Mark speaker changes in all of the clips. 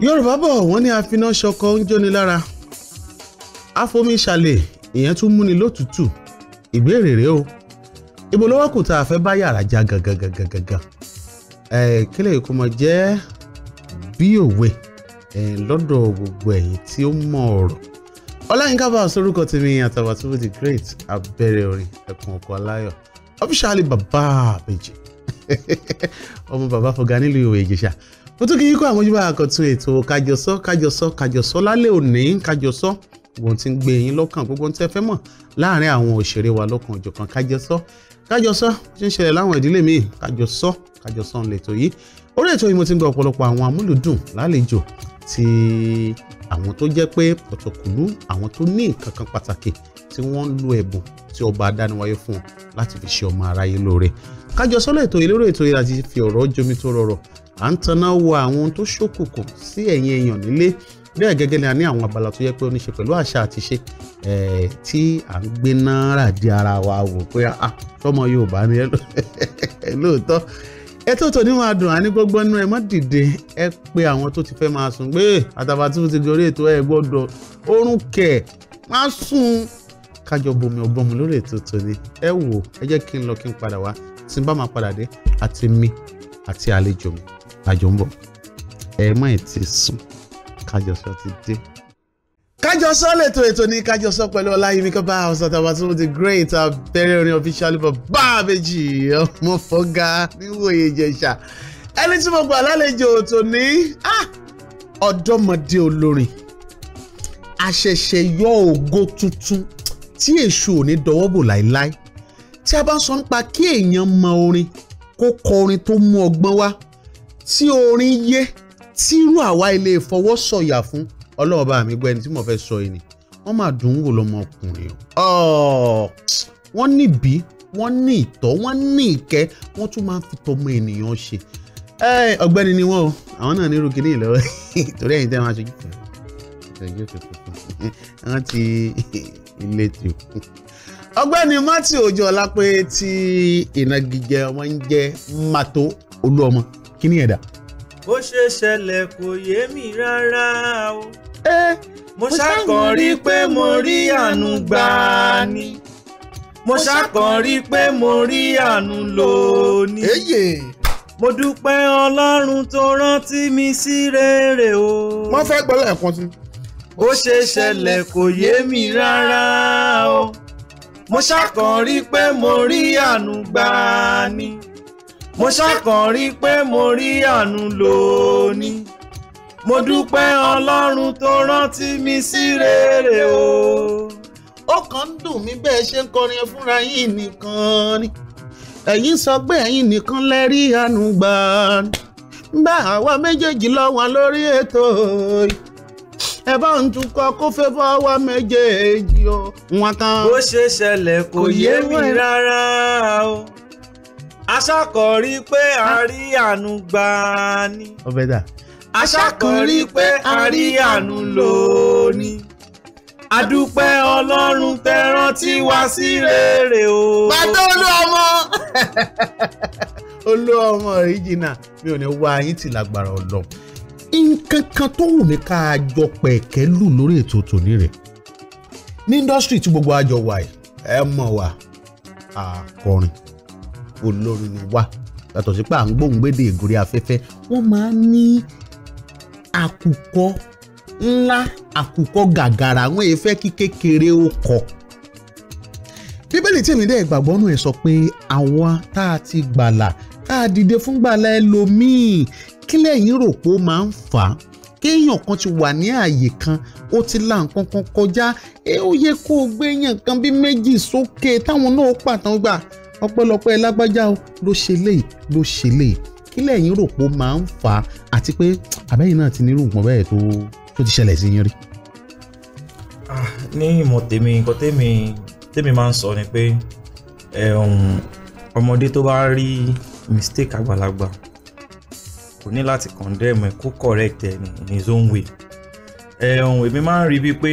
Speaker 1: yorùbá bọ̀ wọ́n ní àfiná ṣọkọ ń jóni lára àfomi ṣàlẹ̀ ìyẹn tún múni lótùtù ìbéèrè rèé o ibo ló wá kù tá a fẹ́ bá yàrá já gàgàgàgàgà ẹ̀ kílẹ̀ kó mọ̀ jẹ́ bí òwe lọ́dọ̀ gbogbo ẹ̀yin tí ó mọ ọ̀rọ̀ ọláyínká bá sorúkọ tèmi àtàwàtúbù the great abẹ́rẹ́ orin ẹ̀kún ọkọ̀ aláyọ̀ officially bàbá àbèjì ọmọ bàbá fọgá nílùú ìwé ìjẹ̀ṣà mo tún kí yín kó àwọn ojúbà àkàntún ètò kájọsọ kájọsọ kájọsọ lálẹ́ òní kájọsọ wọn ti ń gbé yín lọ́kàn gbogbo tẹ́ fẹ́ mọ̀ láàrin àwọn òṣèré wa lọ́kàn òjọ̀kan kájọsọ kájọsọ ṣe ń ṣẹlẹ̀ láwọn ìdílé míì kájọsọ kájọsọ ń lètò yìí orí ètò yìí mo ti ń gba ọ̀pọ̀lọpọ̀ àwọn amúlùdùn lálejò ti àwọn tó jẹ́ pé pọ̀tọ̀kùlú àwọn tó ní nǹkan kan pàtàkì tí wọ́n ń lo ẹ̀bùn tí ọba adániwáyé fún láti fi ṣe ọmọ aráyé lóore kájọsọ lẹ́tọ̀ yìí lórí ètò yìí fi ọ̀rọ̀ jomi tó rọrọ̀ à ń taná wo àwọn ohun tó ṣókùnkùn sí ẹ̀yìn èèyàn nílé bẹ́ẹ̀ gẹ́gẹ́ ni a ní àwọn abala tó yẹ pé ó ní ṣe pẹ̀lú àṣà àti ṣe tí à ń gbé náírà di ara wa wò pé ah, ah tọmọ Yorùbá ni ẹ lóòótọ́ ẹ tó tò ní máa dùn àní gbogbo inú ẹ má dìde ẹ pé àwọn tó ti fẹ́ máa sùn pé eh, Àtàbàtúbú ti gorí ètò ẹ gbọ́dọ̀ oorun kẹ̀ má sùn kájọ bomi ọgbọ́n mu lórí ètò tòní ẹ wò ẹ jẹ́ kí n lọ kí n padà wá tí n bá máa padà dé àti mi àti àlejò mi àjọ ń bọ̀ ẹ mọ̀ ẹ̀ ti sùn kájọsọ ti dé. kájọsọ lètò ètò ní kájọsọ pẹ̀lú ọláyẹmí kọ́ba ọ̀sán tàbá tó the great abẹ́rẹ́ orin official for báàbèjì ọmọfọ́gá níwòye ìjẹ̀ṣà ẹni tí mo gbà lálejò tòní ah, ọ̀dọ́mọdé olórin àṣẹ̀ṣẹ̀ yọ ògo tuntun tí èṣù ò ní dọwọ́ bò láéláé tí a bá sọ nípa kí èèyàn mọ orin kó kọ orin tó mú ọgbọ́n wá tí orin yé tírú àwa ilé ìfọwọ́sọ̀yà fún ọlọ́ọ̀bá mi gbọ́ ẹni tí mo fẹ́ sọ yìí ni wọ́n máa dùn ún wò lọ́mọkùnrin o wọ́n níbí wọ́n ní ìtọ́ wọ́n ní ìkẹ́ wọ́n tún máa ń fi tọmọ ènìyàn ṣe ọ̀gbẹ́ni ni wọ́n o àwọn náà ní rúkìní ìlọ́wọ́ torí ẹ̀yin tẹ́ máa ṣe kíkọ́ wọ́n ti ilé ti kú. ọ̀gbẹ́ni Matthew Ojúọlápé tí ìnagijẹ ọmọ ń jẹ́ Mato Olúọmọ kíní ẹ̀dá. bó ṣe ṣẹlẹ̀
Speaker 2: kò yé mi rárá o. mo ṣàkàn rí pé mo rí àánú gbà ni mo ṣàkàn rí pé mo rí àánú lò ní. mo dúpẹ́ ọlọ́run tó rántí mi sí rere o. wọ́n fẹ́ gbọ́ lẹ́ẹ̀kan sí. ó ṣe ṣẹlẹ̀ kò yé mi rárá o mo ṣàkàn rí pé mo rí àánú gbà ni. mo ṣàkàn rí pé mo rí àánú lónìí
Speaker 1: mo dúpẹ́ ọlọ́run tó rántí mi sí rere o. ó kàn ń dùn mí bẹ́ẹ̀ ṣe ń kọrin fúnra yín nìkan ni ẹ̀yin sọ pé ẹ̀yin nìkan lẹ rí àánú gbà bá àwa méjèèjì lọ́wọ́ lórí ètò yìí ẹ bá ń tukọ̀ kó fẹ́ bá wa méjèèjì o wọn kan. bó
Speaker 2: ṣe ṣẹlẹ̀ kò yé mi rárá o. aṣàkọ̀rí pé a rí àánú gbà ni. ọbẹ̀ dà.
Speaker 1: pé a rí àánú lò ni. adúpẹ́ ọlọ́run tẹ́ rántí wá sí rere o. bàtà olú ọmọ. olú ọmọ ìjìnà mi ò ní wá yín ti lágbára ọlọ. nǹkan kan tó wù mí ká a jọ pẹ̀kẹ́ lù lórí ètò tòní rẹ̀ ní indọ́sítírì tí gbogbo àjọ wà yìí ẹ mọ̀ wá akọrin. olórin ni wá yàtọ̀ sí pé à ń gbóhùngbédè ìgòrí afẹ́fẹ́ wọ́n máa ń ní àkùkọ ńlá àkùkọ gàgàrà àwọn èèfẹ́ kí kékeré ó kọ. bíbélì tí èmi dẹ́ gbàgbọ́ nù ẹ̀ sọ pé àwa tá a ti gbàlà tá a dìde fún gbàlà ẹlòmíì kí lẹ́yìn rò pé ó máa ń fà á kéèyàn kan ti wà ní ààyè kan ó ti la nǹkan kan kọjá ẹ ó yẹ kó o gbé yàn kan bí méjì sókè táwọn náà pàtàn gbà ọpẹ́lọpẹ́ lágbájá o ló ṣe léyìí ló ṣe léyìí kí lẹ́yìn rò pé ó máa ń fà á àti pé àbẹ́yìn náà ti nírú nǹkan bẹ́ẹ̀ tó tó ti ṣẹlẹ̀ sí yín rí.
Speaker 2: Ah, ní ìmọ̀ tèmi nǹkan tèmi tèmi máa ń sọ ni pé ọmọdé tó bá rí mistake àgbàlagbà kò ní láti condemn ẹ kó correct ẹ in his own way èmi máa ń rí bíi pé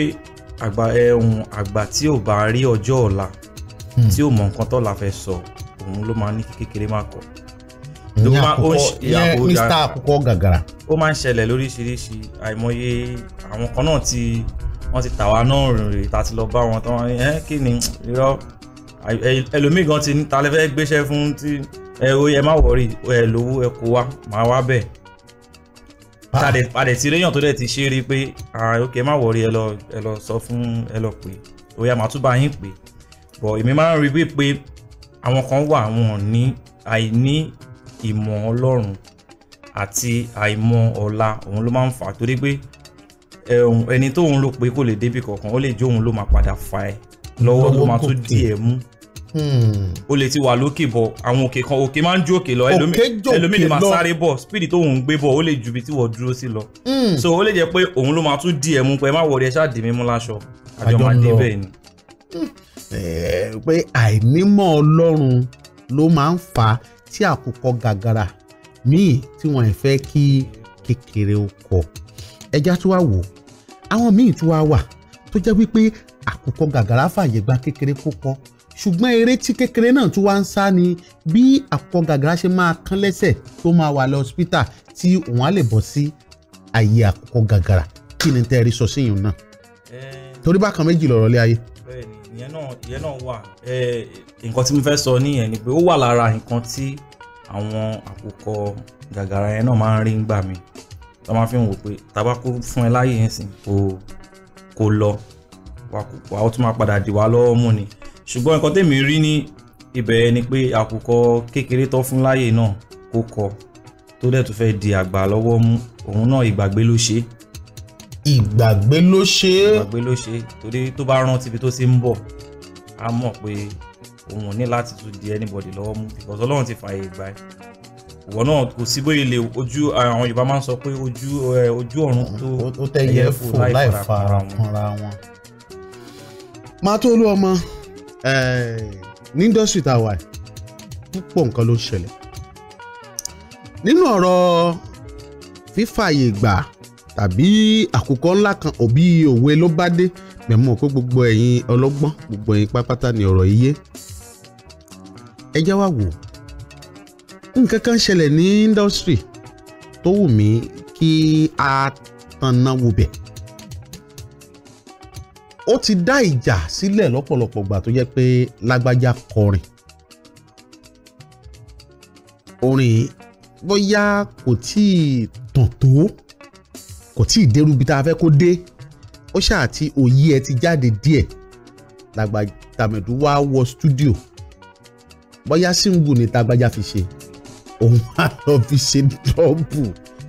Speaker 2: àgbà tí ò bá rí ọjọ́ ọ̀la Hmm. tí o mọ nǹkan tó la fẹ́ sọ òun ló máa ní kékeré máa kọ.
Speaker 1: ní àkókò yẹn mr àkókò gàgàrà.
Speaker 2: ó máa ń ṣẹlẹ̀ lóríṣiríṣi àìmọye àwọn kan náà tí wọ́n ti tàwa náà rìn rè tá a ti lọ bá wọn tán ẹ kí ni irọ́ ẹlòmíì gan ti ní ta lẹ fẹ́ gbéṣẹ́ fún tí ẹ o yẹ má wọrí ẹ lówó ẹ kó wá máa wá bẹ́ẹ̀ padẹ padẹ tó dẹ ti ṣe rí pé ok má wọrí ẹ lọ ẹ lọ sọ fún ẹ lọ pé ó yá màá yín pè but èmi máa ń rí wípé àwọn kan wà wọn ní àìní ìmọ̀ ọlọ́run àti àìmọ̀ ọ̀la òun ló máa ń fà á torí pé ẹni tó òun rò pé kò lè débi kankan ó lè jẹ́ òun ló máa padà fa ẹ lọ́wọ́ ló máa tún dì mú o hmm. lè ti wà lókè bọ̀ àwọn òkè kan òkè máa ń ju òkè lọ ẹlòmíì lè máa sáré bọ̀ speed tó ń gbé bọ̀ ó lè ju ibi tí wọ́n dúró sí lọ hmm. so ó lè jẹ́ pé òun ló máa tún di ẹ̀ mú pé ẹ má wọrí ẹ ṣáà dì mí mú láṣọ àjọ máa ni hmm.
Speaker 1: Eh, pé àìnímọ̀ ọlọ́run ló máa ń fà á tí àkùkọ gàgàrà míì tí wọ́n fẹ́ kí kékeré ó kọ ẹja tó wà wò àwọn míì tó wà wà tó jẹ́ wípé àkùkọ gàgàrà fàyè gba kékeré kó kọ ṣùgbọ́n eré tí kékeré náà tún wá ń sá ni bí àkùkọ gàgàrà ṣe máa kán lẹ́sẹ̀ tó máa wà lọ hospital tí òun á lè bọ́ sí àyè àkùkọ gàgàrà kí ni tẹ́ ẹ rí sọ síyùn náà torí bákan méjì lọ̀rọ̀ lé ayé
Speaker 2: ìyẹn náà ìyẹn náà wà nǹkan tí mo fẹ́ sọ nìyẹn ni pé ó wà lára nǹkan tí àwọn àkókò gàgàrà yẹn náà máa ń rí ngbà mi tó máa fi ń wò pé tabako fún ẹ láyè yẹn sìn kò kò lọ wà ó tún máa padà dì wá lọ́wọ́ mú ni ṣùgbọ́n nǹkan tèmi rí ní ibẹ̀ ni pé àkókò kékeré tó fún láyè náà kó kọ tó dẹ̀ tún fẹ́ di àgbà lọ́wọ́ mú òun náà ìgbàgbé ló ṣe é ìgbàgbé ló ṣe é. ìgbàgbé ló ṣe é torí tó bá rántí ibi tó ti ń bọ̀ á mọ̀ pé òun ò ní láti tún di anybody lọ́wọ́ mú because ọlọ́run ti fààyè gbà ẹ́ ìwọ náà kò sí bóyá ilé ojú àwọn yorùbá máa ń sọ pé ojú
Speaker 1: ojú ọ̀run tó ẹyẹ fò láì fara kanra wọn. máa tó olú ọmọ ní indọ́sítì tá a wà púpọ̀ nǹkan ló ń ṣẹlẹ̀ nínú ọ̀rọ̀ fífàyè gbà á tàbí àkùkọ ńlá kan òbí òwe ló bá dé mẹ̀mọ́ pé gbogbo ẹ̀yin ọlọ́gbọ́n gbogbo ẹ̀yin pápátá ni ọ̀rọ̀ yìí yé ẹ já wá wò nǹkan kan ṣẹlẹ̀ ní indọ́sítírì tó wù mí kí a tanná wo bẹ̀ ó ti dá ìjà sílẹ̀ lọ́pọ̀lọpọ̀ gbà tó jẹ́ pé lágbájá kọrin orin bóyá kò tíì tàn tó kò tí ì dérú bí tá a fẹ́ kó dé ó ṣáà tí òye ẹ ti jáde díẹ̀ làgbà tàmẹ̀dù wá wọ stúdíò bóyá síngù ni tàgbàjà fi ṣe òun á lọ fi ṣe dọ́ọ̀bù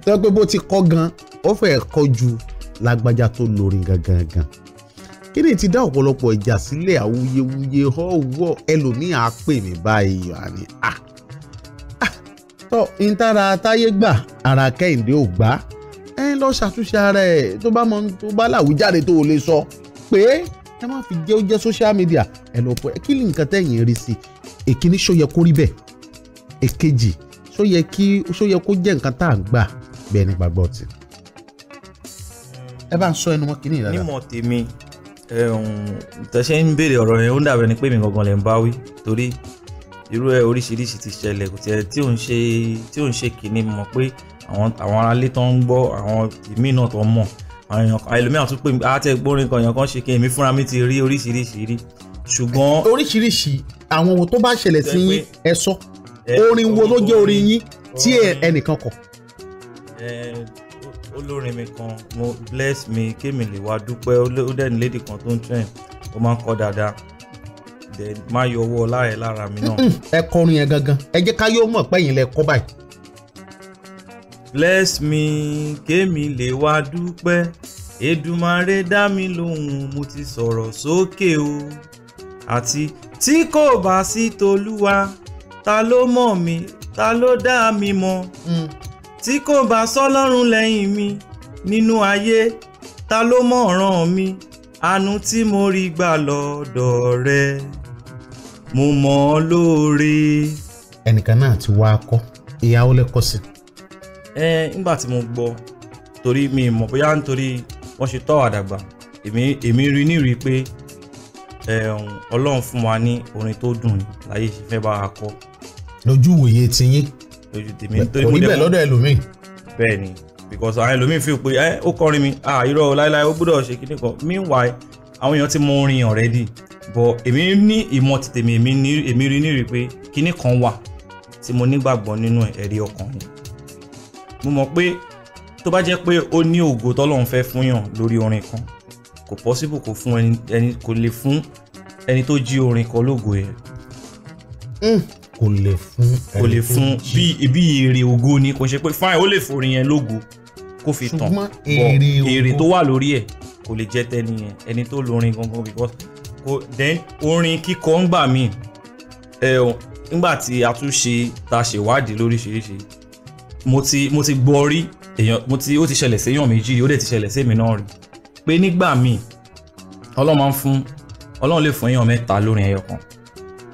Speaker 1: tó yẹ pé bó ti kọ́ gan ó fẹ́ẹ́ kọ́ ju lágbájá tó lórin gangan gan kí ni ti dá ọ̀pọ̀lọpọ̀ ìjà sílẹ̀ awuyewuye ọ̀wọ́ ẹlòmíà á pè mí báyìí àní à tọ́ ìtara táyé gbà ara kẹ́hìndé ò ẹ lọ ṣàtúnṣe ara ẹ tó bá mọ tó bá làwíjàre tó o lè sọ pé ẹ má fi jẹ́ ó jẹ́ social media ẹ lọ pọ̀ kí ni nǹkan tẹ̀yìn rí sí èkíní ṣó yẹ kó rí bẹ́ẹ̀ èkejì ṣó yẹ kí ṣó yẹ kó jẹ́ nǹkan tá à ń gbà bẹ́ẹ̀ nípa gbọ́ ti. ẹ bá ń sọ ẹnu mọ́ kínní ìlànà. nímọ̀
Speaker 2: tèmi tẹ̀sẹ̀ ń béèrè ọ̀rọ̀ yẹn ó ń dàbẹ̀ ni pé mi gangan lè ń bá wí torí irú ẹ oríṣiríṣi ti ṣẹlẹ̀ kò tiẹ̀ tí ò ṣe tí mọ̀ pé àwọn àwọn aráalé tó ń gbọ́ àwọn èmi náà tó mọ̀ àwọn èèyàn ẹlòmíràn tún pè mí àtẹ ah, gbórin kan èèyàn kan ṣe kí èmi fúnra mi ti rí oríṣiríṣi
Speaker 1: rí ṣùgbọ́n. oríṣiríṣi àwọn ohun tó bá ṣẹlẹ̀ sí yín ẹ sọ orin wo ló jẹ́ orin yín tí ẹnìkan kọ.
Speaker 2: olórin mi kan mo bless me kémi lè wá dúpẹ́ ó dẹ́ni lédì kan tó ń trend ó máa ń kọ dáadáa má yọ owó ọlá rẹ lára mi náà.
Speaker 1: ẹ kọrin yẹn gangan ẹ jẹ́ ká yóò mọ̀ pẹ́yìn lẹ kọ́ báyìí
Speaker 2: bless me kémi lè wá dúpẹ́ Èdùmàrè dá mi lóhùn mo ti sọ̀rọ̀ sókè o àti tí kò bá sí tolúwa ta ló mọ̀ mi ta ló dá mi mọ̀ hmm. tí kò bá sọ́lọ́run lẹ́yìn mi nínú ayé ta ló mọ̀ ràn mi àánú tí mo rí gbà lọ́dọ̀ rẹ mo mọ̀ ọ́ lóore.
Speaker 1: ẹnìkan náà ti wá akọ ìyàwó lẹ́kọ̀ọ́ sí i
Speaker 2: ẹ nígbà tí mo gbọ́ torí mi mọ̀ bóyá nítorí wọ́n ṣe tọ́ àdàgbà èmi èmi rí nírí pé ọlọ́run fún wa ní orin tó dùn ní láyé ṣe fẹ́ bá wa kọ.
Speaker 1: lójú wòye ti yín lójú tèmi nítorí mo dẹ́ bẹ́ẹ̀ lọ́dọ̀ ẹlòmíì.
Speaker 2: bẹ́ẹ̀ ni because àwọn ẹlòmíì fi pé ẹ ó kọrin mi ah irọ́ láéláé ó gbọ́dọ̀ ṣe kíní kan meanwhile àwọn èèyàn ti mọ orin already but èmi ní ìmọ̀ tètèmi èmi rí nírí pé kíní kan wà tí mo nígbàgbọ́ nínú ẹ̀rí ọkàn yìí mo mọ̀ pé tó bá jẹ́ pé ó ní ògo tọ́lọ́run fẹ́ fún yàn lórí orin kan kò possible kò fún ẹni kò lè fún ẹni tó jí orin kan lógo ẹ̀.
Speaker 1: Hmm. kò lè fún ẹni tó jí kò lè fún
Speaker 2: bí ibi èrè ògo ni kò ṣe pé fine ó lè forin yẹn lógo kó fi tàn bọ èrè tó wà lórí ẹ̀ kò lè jẹ́ tẹni yẹn ẹni tó lórin gangan because kò then orin kíkọ ń gbà míì ẹ̀ ǹgbà tí a tún ṣe ta ṣèwádìí lóríṣiríṣi mo ti mo ti gbọ́ rí èèyàn mo ti ó ti ṣẹlẹ̀ séèyàn méjì ó dẹ̀ ti ṣẹlẹ̀ séèmi náà rí pé nígbà míì ọlọ́run máa ń fún ọlọ́run lè fún èèyàn mẹ́ta lórí ẹyọ kan.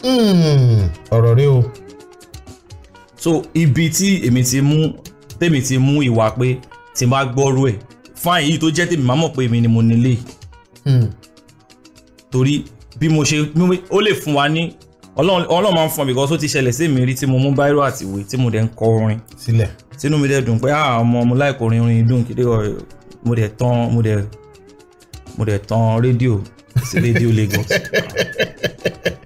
Speaker 1: Hmm, ọ̀rọ̀ rẹ o.
Speaker 2: so ibi tí èmi ti mú tèmi ti mú ìwà pé tí n bá gbọ́rú ẹ̀ fáìn yìí tó jẹ́ tèmi máa mọ̀ pé èmi ni mo nílé. Hmm. torí bí mo ṣe ó lè fún wa ní ọlọ́run máa ń fún mi because ó ti ṣẹlẹ̀ sí mi rí tí mo mú báírò àti ìwé tí mo dẹ̀ ń kọ orin sílẹ̀ sínú mi dẹ̀ dùn pé ah, ọmọ mo láìkọ orin orin dùn kéde mo dẹ̀ tán mo dẹ̀ mo dẹ̀ tán rédíò sí rédíò Lagos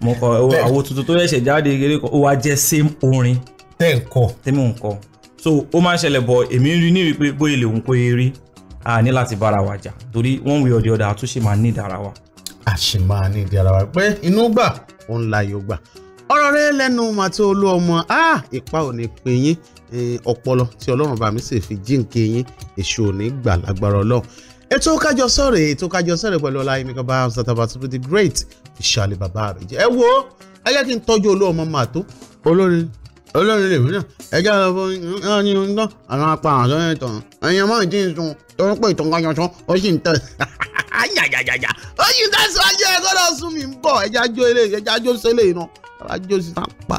Speaker 2: mo kọ àwo tuntun tó ṣẹ̀ṣẹ̀ jáde kéde kọ ó wá jẹ́ same orin tẹ́ ń kọ tẹ́mi ń kọ so ó máa ń ṣẹlẹ̀ bọ̀ èmi rí ní wípé bóyá lè òun kó e rí a ní láti bára wa jà torí one way or the other àtúnṣe máa ní ìdára wa. àṣìmáà ní
Speaker 1: ìdára wa pé inú gbà òun la yóò gbà ọ̀rọ̀ rẹ lẹ́nu màtí olú ọmọ ipa ò ní pín yín ọpọlọ tí ọlọ́run bá mi sì fi jíǹkì yín èṣù ò ní gbà lágbára ọlọ́run ètò kájọ sọ̀rọ̀ ètò kájọ sọ̀rọ̀ pẹ̀lú ọlá yìí mìkan bá Atabatutu the great ìṣàlẹ̀ bàbá rẹ̀ jẹ́ ẹ wo ayé kí n tọ́jú olú ọmọ màtó olórin olórí lèmi náà ẹjẹ́ lọ fún náà ní ohun tán àwọn apá àṣọ yẹn tàn ẹ̀yìn ọmọ ìdí ìsun tó ń pè tó ń kan yanṣan ó sì ń tẹ̀. ayayayaya ó sì ń tẹ̀sí ọjọ́ ẹ̀ gbọ́dọ̀ sún mi ń bọ̀ ẹjẹ́ ajó eléyìí ẹjẹ́ ajó sẹ́lẹ̀ iná ajó sí náà pa.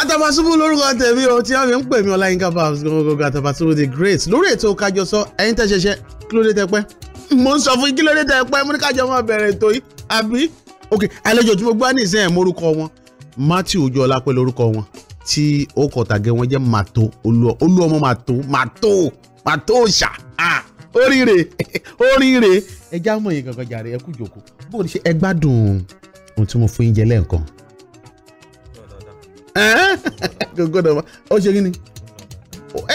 Speaker 1: Àtàbàṣubú lórúkọ o tí a fi ń pè mí Ọláyínká Babs gbogbogbò Àtàbàṣubú the great lórí ètò Kájọsọ ẹ̀yin tẹ́ ṣẹ̀ṣẹ̀ kí ló dé tẹ́ pẹ́ mo ń sọ fún kí ló dé tẹ́ pẹ́ mo ní kájọ máa Matthew Ojúọlá pẹ́ lórúkọ wọn tí ó kọ tàgé wọn jẹ́ màtó olúọmọ màtó màtó màtó ṣá oríire oríire ẹjá mọ̀ yín kankan jàre ẹ kú jòkó bó o ṣe ẹ gbádùn ohun tí mo fún yín jẹ lẹ́ẹ̀kan. gbogbo ọmọ ọ ṣe kí ni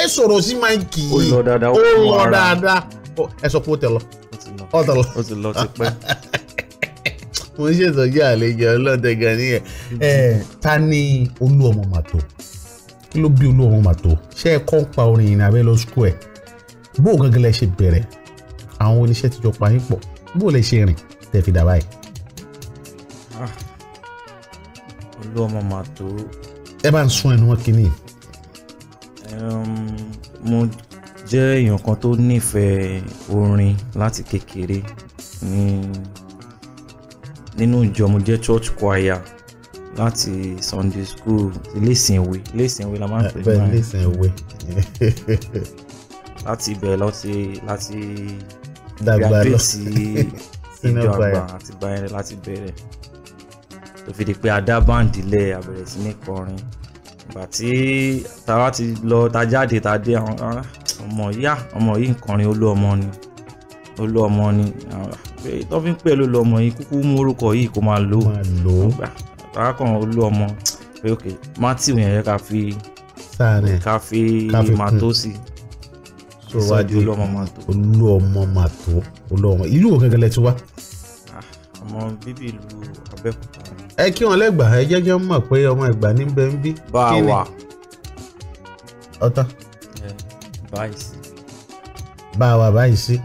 Speaker 1: ẹ sọ̀rọ̀ sí máìkì yìí ó lọ dáadáa ẹ sọ pé ó tẹ̀ lọ ó tẹ̀ lọ ó ti lọ ti pẹ́. mo ń ṣètọ́jú àlejò ọlọ́dẹ̀gà nìyẹn ẹ ta ni olú ọmọ màtó kí ló bí olú ọmọ màtó ṣé ẹ kọ́ ń pa orin ìrìn abẹ́ lọ sukú ẹ̀ bó o gángan lẹ ṣe bẹ̀rẹ̀ àwọn oníṣẹ́ ti jọ pa yín pọ̀ bó o lẹ ṣe rìn tẹ̀ fi dà báyìí.
Speaker 2: Ah, olú ọmọ màtó.
Speaker 1: ẹ bá ń sún ẹnu wọn kínní.
Speaker 2: mo jẹ́ èèyàn kan tó nífẹ̀ẹ́ orin láti kékeré ní. Ni nínú ìjọ mo jẹ́ church choir láti sunday school ilé ìsìnwé ilé ìsìnwé la máa ń pè ní ilé ìsìnwé láti ibẹ̀ láti láti dàgbà lọ sí ìjọ àgbà àti báyẹn láti bẹ̀rẹ̀ tó fi di pé a dá báǹdì lẹ̀ a bẹ̀rẹ̀ sí ní kọrin ìgbà tí tàwa ti lọ ta jáde ta dé àwọn ah, ọmọ yá ah, ọmọ yìí ń kọrin olú ọmọ ni olú ọmọ ni pé tó fi ń pè ló lọmọ yìí kúkú mú orúkọ yìí kó máa lò ó àkàkàn olú ọmọ pé ok matthew yẹn ká fi ká fi matosi
Speaker 1: so wájú olú ọmọ mato olú ọmọ mato olú ọmọ ìlú wo gẹ́gẹ́ lẹ ti wá.
Speaker 2: Ah, ọmọ bíbí ìlú abẹ́òkúta.
Speaker 1: ẹ kí wọn lẹ́gbàá ẹ jẹ́ kí wọ́n mọ̀ pé ọmọ Ẹ̀gbá ní bẹ́ẹ̀ ń bí. bá a wà ọ̀tá. báyìí sí. bá a wà báyìí sí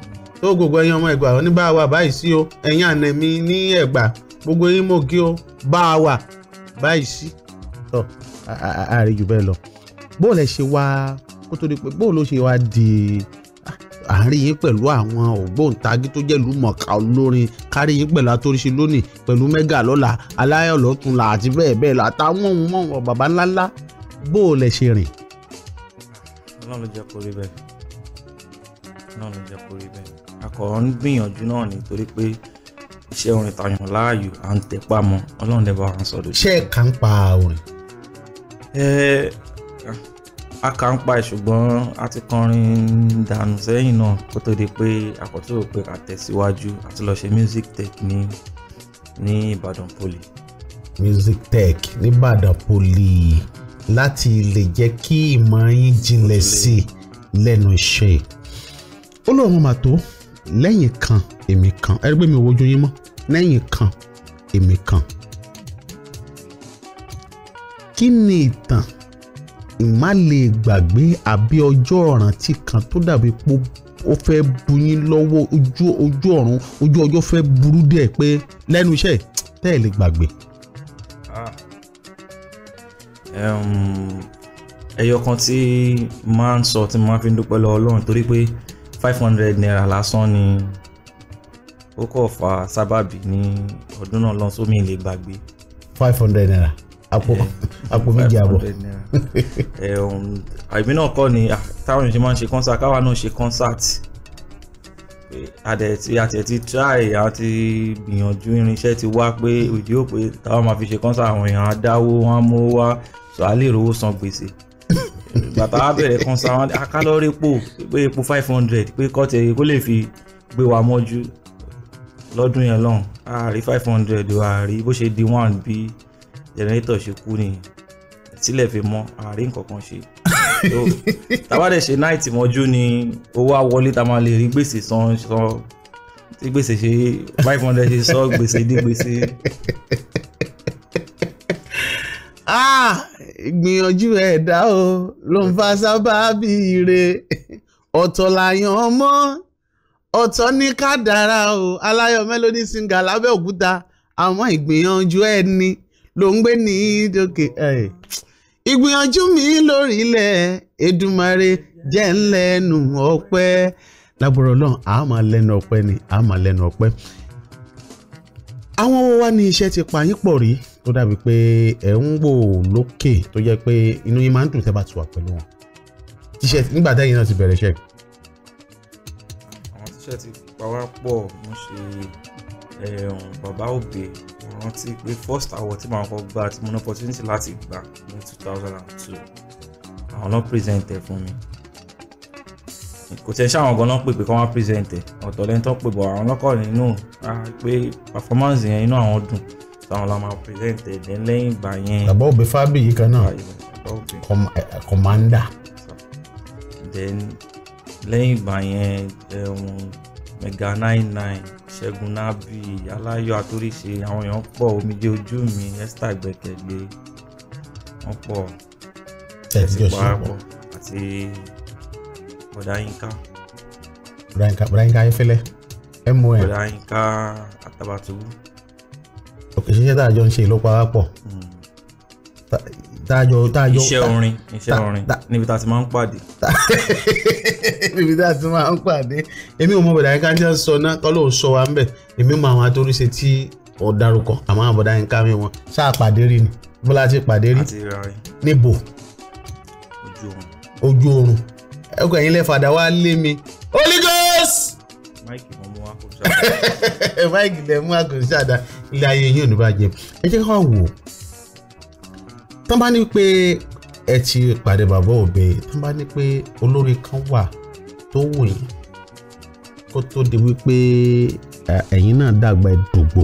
Speaker 1: tó gbogbo ẹ̀yin ọmọ ẹ̀gbá oníbàwà báyìí sí o ẹ̀yin àná mi ní ẹ̀gbá gbogbo yín mò kí o bá a wà báyìí sí. tọ́ àárín jù bẹ́ẹ̀ lọ bóò lẹ ṣe wá kó tó di pé bóò ló ṣe wá di àárín yín pẹ̀lú àwọn ògbóǹtagí tó jẹ́ lùmọ̀ọ́ká olórin kárí yín pẹ̀lú atóríṣe lónìí pẹ̀lú mẹ́gà lọ́la aláyọ̀ àti bẹ́ẹ̀ bẹ́ẹ̀ lọ ohun mọ̀ọ́n bàbá ńláńlá bó o lẹ ṣe rìn.
Speaker 2: ọlọ́run jẹ́ kó bẹ́ẹ̀ ọlọ́run jẹ́ kó bẹ́ẹ̀ akẹ́kọ̀ọ́ ń gbìyànjú náà nítorí pé iṣẹ́ orin tayàn láàyò à ń tẹpá mọ́ ọlọ́run dẹ̀ bá wa sọ̀rọ̀. ṣé ẹ kà ń pa orin. ẹ a kà ń pa ẹ ṣùgbọ́n a ti kọrin dànù sẹ́yìn náà kó tó di pé àkọ́tún rò pé ká àti lọ́ọ́ ṣe music tech ní ní Ìbàdàn poli
Speaker 1: music tech ní Ìbàdàn poli láti lè jẹ́ kí ìmọ̀ yín jinlẹ̀ sí i lẹ́nu iṣẹ́ olóòrùn màtó lẹ́yìn kan èmi kan ẹ rí pé mi ò wojú yín mọ́ lẹ́yìn kan èmi kan. kí ni ìtàn ìmá lè gbàgbé àbí ọjọ́ ọ̀rántí kan tó dàbí pé ó fẹ́ bu yín lọ́wọ́ ojú ojú ọ̀run ojú ọjọ́ fẹ́ burú díẹ̀ pé lẹ́nu iṣẹ́ tẹ́ ẹ̀ lè gbàgbé.
Speaker 2: Ah. ẹyọ kan tí máa ń sọ tí máa fi ń dúpẹ́ lọ Ọlọ́run torí pé five hundred naira lásán ni ó kọ̀ fa sábàbí ní ọdún náà lọ́n sómi lè gbàgbé.
Speaker 1: five hundred naira àpò eh, àpò méjì àbọ̀. àìmí
Speaker 2: eh, um, náà kọ́ ni ah, táwọn èèyàn ṣe máa ń ṣe concert káwa náà ṣe concert àtẹ̀tí eh, àtẹ̀tí try àti gbìyànjú irinṣẹ́ ti wá pé òjì ó pé táwọn máa fi ṣe concert àwọn èèyàn á dáwó wọn á mú wá sọ á lè rówó san gbèsè bàtà wa bẹ̀rẹ̀ kan sáwọn akálọ́rí ah, epo pé epo five hundred pé kọ́tẹ̀ kó lè fi gbé wa mọ́jú lọ́dún yẹn lọ́hùn àárí five hundred wa àárí bó ṣe di one bí jẹnẹrétọ̀ ṣe kú ni tílẹ̀ fi mọ́ àárí nǹkan kan ṣe tàbá dẹ̀ ṣe náìtì mọ́jú ni owó àwọlé tá a máa lè rí gbèsè san san tí gbèsè ṣe five hundred ṣe sọ gbèsè dí gbèsè
Speaker 1: Ah, ìgbìyànjú ẹ̀dá o ló ń fa sábàbí ire ọ̀tọ̀ làyàn ọmọ ọ̀tọ̀ ní kádàrá o aláyọ̀ melody singa lábẹ́òkúta àmọ́ ìgbìyànjú ẹni ló ń gbé ní ìdókè ìgbìyànjú mi lórílẹ̀ Èdùmàrè jẹ́ ńlẹ́nu ọpẹ́ lágbọ̀rọ̀ náà àmọ́ lẹ́nu ọpẹ́ ni àmọ́ lẹ́nu ọpẹ́. àwọn ọmọ wa ní iṣẹ́ ti pa yín pọ̀ rí tó dàbí pé ẹ̀ ń wò lókè tó jẹ́ pé inú yín máa ń dùn tẹ́ bá ti wà pẹ̀lú wọn nígbà tẹ́yìn náà ti bẹ̀rẹ̀ iṣẹ́.
Speaker 2: àwọn tíṣẹ́ ti pa pọ̀ mo ṣe eh, bàbá òbí mo rántí pé first award tí màá kọ́ gbà tí mo ní opportunity láti gbà ní two thousand and two àwọn náà present ẹ̀ fún mi kò tẹ̀ ṣáwọn gan-an pè pé kọ́ wọ́n present ẹ̀ ọ̀tọ̀ lẹ́ni tó pè bọ̀ àwọn lọ́kọ̀ọ́rin inú pé performance yẹn inú àwọn dùn táwọn la máa present ẹ̀ dẹ́n lẹ́yìn ìgbà yẹn. bàbá
Speaker 1: òbí fábì yìí kan náà commander.
Speaker 2: then lẹ́yìn ìgbà yẹn um, mega nine nine ṣẹ́gun nábì aláyọ̀ àtòríṣe àwọn èèyàn pọ̀ omijé ojú mi esther gbẹ̀kẹ̀gbẹ̀ wọ́n pọ̀ tẹ̀sí pọ̀ àti bọ̀dá yínká.
Speaker 1: bọ̀dá yínká bọ̀dá yínká ayéfẹ́lẹ́ mon.
Speaker 2: bọ̀dá yínká àtàbàtúbú.
Speaker 1: òkè ṣiṣẹ́ tá a jọ ń ṣe ló parapọ̀. Hmm. tá a jọ tá a jọ. iṣẹ́ orin iṣẹ́ orin níbi tá a ti máa ń pàdé. níbi tá a ti máa ń pàdé èmi ò mọ bọ̀dá yínká jẹ́ sọ náà kọ́ ló sọ wa ń bẹ̀ èmi mọ àwọn atóríṣe tí ò àmọ́ àwọn mi wọn ṣáà pàdé rí ni bọ́lá ti pàdé rí níbo ojú oorun ẹkọ ẹ̀yin lẹ fàdà wá lé mi Holy Ghost.
Speaker 2: Mike mọ̀ mú akọ̀ṣàdá.
Speaker 1: máìkì lẹ mú akọ̀ṣàdá ilé ayé yín ò ní bàjẹ́ ẹ jẹ́ ká wò ó tán bá ní pé ẹ ti pàdé bàbá òbí tán bá ní pé olórí kan wà tó wù yín kó tó di wípé ẹ̀yin náà dàgbà ìdògbò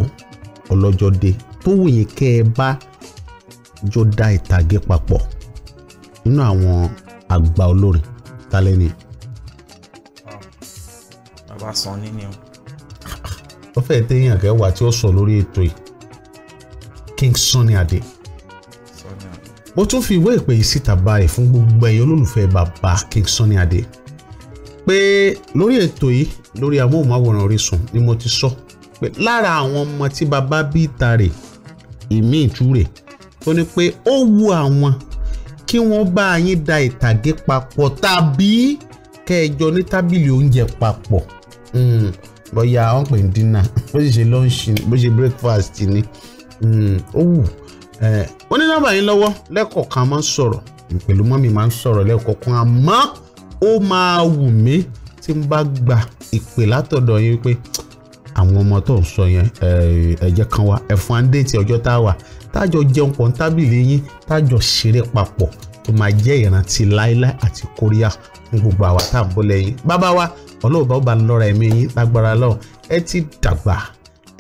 Speaker 1: ọlọ́jọ́ dé tó wù yín kẹ́ ẹ bá jọ dá ìtàgé papọ̀ nínú àwọn àgbà olórin talẹ́ ni. bàbá sàn ní ni o. ó fẹ́ téèyàn kẹ́ wà tí ó sọ lórí ètò yìí King Sunny Adé mo tún fi ìwé ìpè yìí síta báyìí fún gbogbo ẹ̀yin olólùfẹ́ bàbá King Sunny Adé pé lórí ètò yìí lórí amóhùnmáwòrán Orísun ni mo ti sọ pé lára àwọn ọmọ tí bàbá bí ìta rè ìmí ìtúrè tó ní pé ó wu àwọn kí wọ́n bá yín da ìtàgé papọ̀ tàbí kẹjọ ní tábìlì oúnjẹ papọ̀ hmm, bóyá wọ́n pè ní dinner bó ṣe ṣe lunch bó ṣe breakfast ni hmm, ó wù wọ́n eh, ní nọ́mbà yín lọ́wọ́ lẹ́kọ̀ọ̀kan máa ń sọ̀rọ̀ pẹ̀lú mọ́mì máa ń sọ̀rọ̀ lẹ́kọ̀ọ̀kan àmọ́ ó máa wù mí tí n bá gba ìpè látọ̀dọ̀ yín pé àwọn ọmọ tó ń sọ yẹn eh, ẹ̀jẹ̀ kan wá ẹ̀fọn déètì ọjọ́ tá a wà tájọ jẹun pọ̀ ní tábìlì yín tájọ ṣeré papọ̀ tó máa jẹ́ ìrántí láéláé àti kóríyá fún gbogbo àwa tá à ń bọ́ lẹ́yìn bàbá wa ọlọ́ọ̀bá ó bá lọ́ra ẹ̀mí yín lágbára lọ́hùn ẹ ti dàgbà